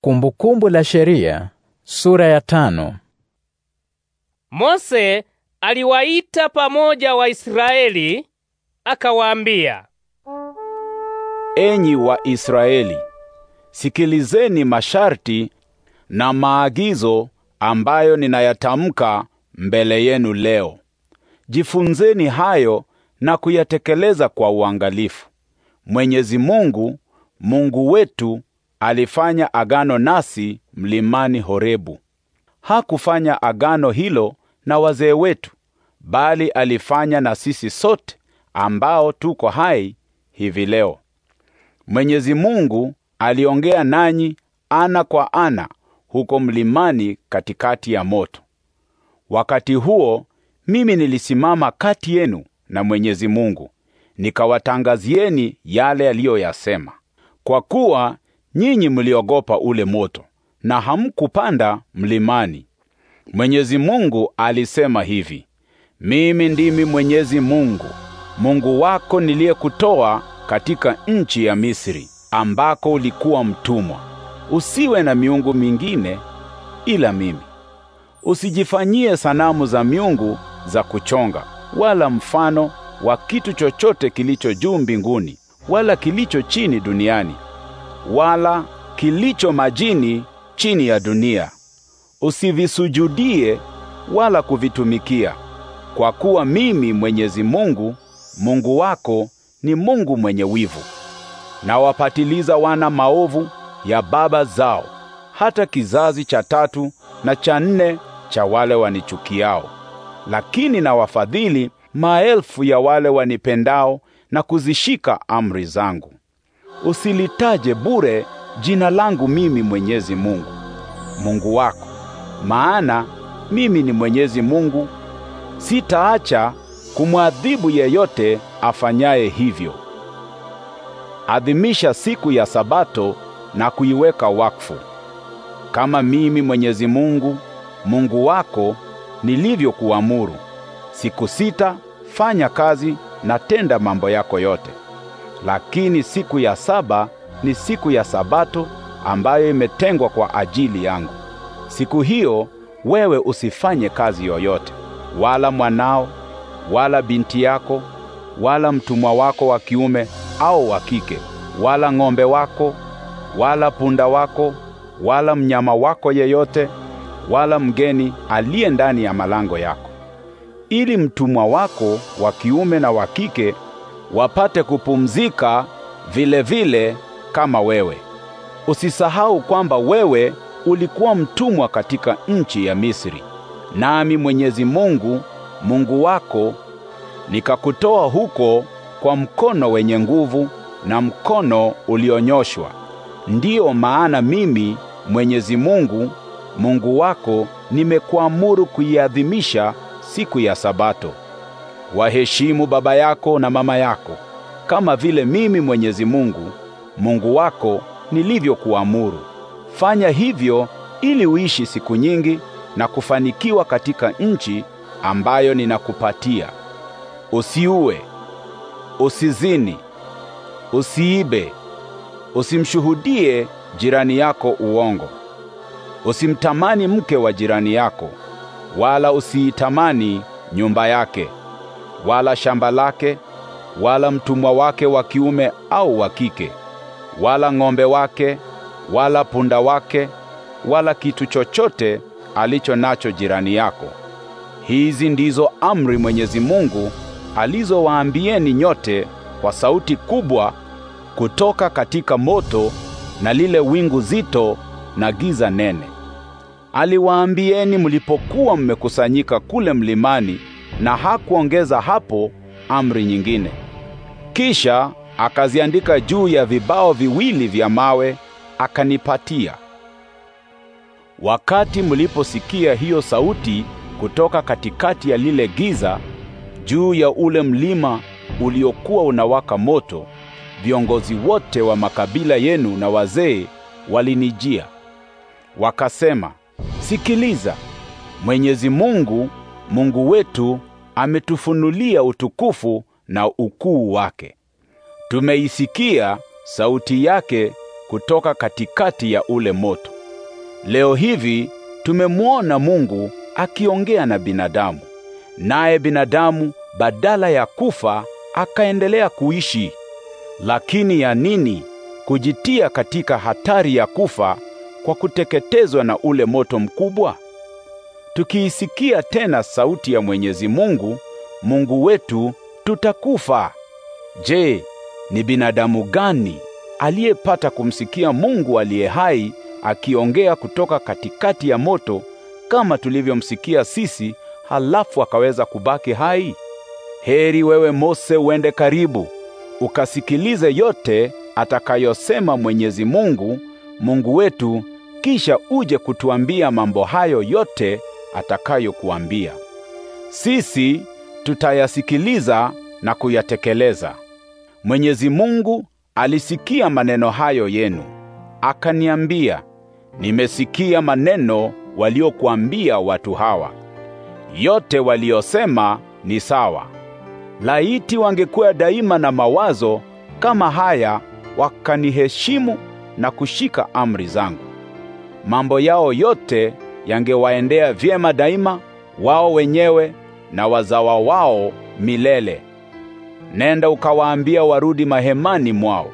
Kumbukumbu la Sheria sura ya tano. Mose aliwaita pamoja Waisraeli akawaambia, Enyi Waisraeli, sikilizeni masharti na maagizo ambayo ninayatamka mbele yenu leo. Jifunzeni hayo na kuyatekeleza kwa uangalifu. Mwenyezi Mungu, Mungu wetu alifanya agano nasi mlimani Horebu. Hakufanya agano hilo na wazee wetu, bali alifanya na sisi sote ambao tuko hai hivi leo. Mwenyezi Mungu aliongea nanyi ana kwa ana huko mlimani katikati ya moto. Wakati huo mimi nilisimama kati yenu na Mwenyezi Mungu, nikawatangazieni yale aliyoyasema, kwa kuwa nyinyi mliogopa ule moto na hamkupanda mlimani. Mwenyezi Mungu alisema hivi: mimi ndimi Mwenyezi Mungu Mungu wako niliyekutoa katika nchi ya Misri ambako ulikuwa mtumwa. Usiwe na miungu mingine ila mimi. Usijifanyie sanamu za miungu za kuchonga wala mfano wa kitu chochote kilicho juu mbinguni wala kilicho chini duniani wala kilicho majini chini ya dunia. Usivisujudie wala kuvitumikia, kwa kuwa mimi Mwenyezi Mungu Mungu wako ni Mungu mwenye wivu, nawapatiliza wana maovu ya baba zao hata kizazi cha tatu na cha nne cha wale wanichukiao, lakini nawafadhili maelfu ya wale wanipendao na kuzishika amri zangu usilitaje bure jina langu mimi Mwenyezi Mungu Mungu wako, maana mimi ni Mwenyezi Mungu, sitaacha kumwadhibu yeyote afanyaye hivyo. Adhimisha siku ya Sabato na kuiweka wakfu, kama mimi Mwenyezi Mungu Mungu wako nilivyokuamuru. Siku sita fanya kazi na tenda mambo yako yote. Lakini siku ya saba ni siku ya sabato ambayo imetengwa kwa ajili yangu. Siku hiyo wewe usifanye kazi yoyote, wala mwanao wala binti yako wala mtumwa wako wa kiume au wa kike, wala ng'ombe wako wala punda wako wala mnyama wako yeyote, wala mgeni aliye ndani ya malango yako, ili mtumwa wako wa kiume na wa kike wapate kupumzika vile vile kama wewe. Usisahau kwamba wewe ulikuwa mtumwa katika nchi ya Misri, nami Mwenyezi Mungu Mungu wako nikakutoa huko kwa mkono wenye nguvu na mkono ulionyoshwa. Ndiyo maana mimi Mwenyezi Mungu Mungu wako nimekuamuru kuiadhimisha siku ya Sabato. Waheshimu baba yako na mama yako, kama vile mimi Mwenyezi Mungu Mungu wako nilivyokuamuru. Fanya hivyo ili uishi siku nyingi na kufanikiwa katika nchi ambayo ninakupatia. Usiue, usizini, usiibe, usimshuhudie jirani yako uongo, usimtamani mke wa jirani yako, wala usiitamani nyumba yake wala shamba lake, wala mtumwa wake wa kiume au wa kike, wala ng'ombe wake, wala punda wake, wala kitu chochote alicho nacho jirani yako. Hizi ndizo amri Mwenyezi Mungu alizowaambieni nyote kwa sauti kubwa kutoka katika moto na lile wingu zito na giza nene. Aliwaambieni mlipokuwa mmekusanyika kule mlimani na hakuongeza hapo amri nyingine. Kisha akaziandika juu ya vibao viwili vya mawe, akanipatia. Wakati mliposikia hiyo sauti kutoka katikati ya lile giza juu ya ule mlima uliokuwa unawaka moto, viongozi wote wa makabila yenu na wazee walinijia wakasema, sikiliza, Mwenyezi Mungu Mungu wetu ametufunulia utukufu na ukuu wake. Tumeisikia sauti yake kutoka katikati ya ule moto. Leo hivi tumemwona Mungu akiongea na binadamu, naye binadamu badala ya kufa akaendelea kuishi. Lakini ya nini kujitia katika hatari ya kufa kwa kuteketezwa na ule moto mkubwa? tukiisikia tena sauti ya Mwenyezi Mungu, Mungu wetu, tutakufa. Je, ni binadamu gani aliyepata kumsikia Mungu aliye hai akiongea kutoka katikati ya moto kama tulivyomsikia sisi, halafu akaweza kubaki hai? Heri wewe Mose, uende karibu ukasikilize yote atakayosema Mwenyezi Mungu, Mungu wetu, kisha uje kutuambia mambo hayo yote atakayokuambia. Sisi tutayasikiliza na kuyatekeleza. Mwenyezi Mungu alisikia maneno hayo yenu, akaniambia, nimesikia maneno waliokuambia watu hawa. Yote waliosema ni sawa. Laiti wangekuwa daima na mawazo kama haya, wakaniheshimu na kushika amri zangu. Mambo yao yote yangewaendea vyema daima, wao wenyewe na wazawa wao milele. Nenda ukawaambia warudi mahemani mwao.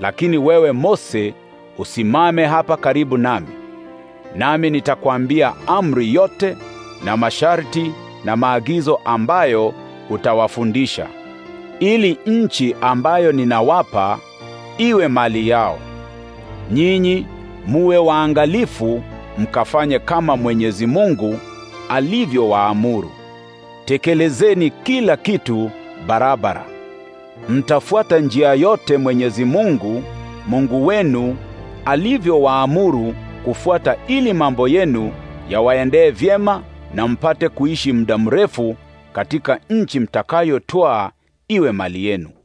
Lakini wewe Mose, usimame hapa karibu nami, nami nitakwambia amri yote na masharti na maagizo ambayo utawafundisha, ili nchi ambayo ninawapa iwe mali yao. Nyinyi muwe waangalifu mkafanye kama Mwenyezi Mungu alivyowaamuru. Tekelezeni kila kitu barabara. Mtafuata njia yote Mwenyezi Mungu Mungu wenu alivyowaamuru kufuata, ili mambo yenu yawaendee vyema na mpate kuishi muda mrefu katika nchi mtakayotwaa iwe mali yenu.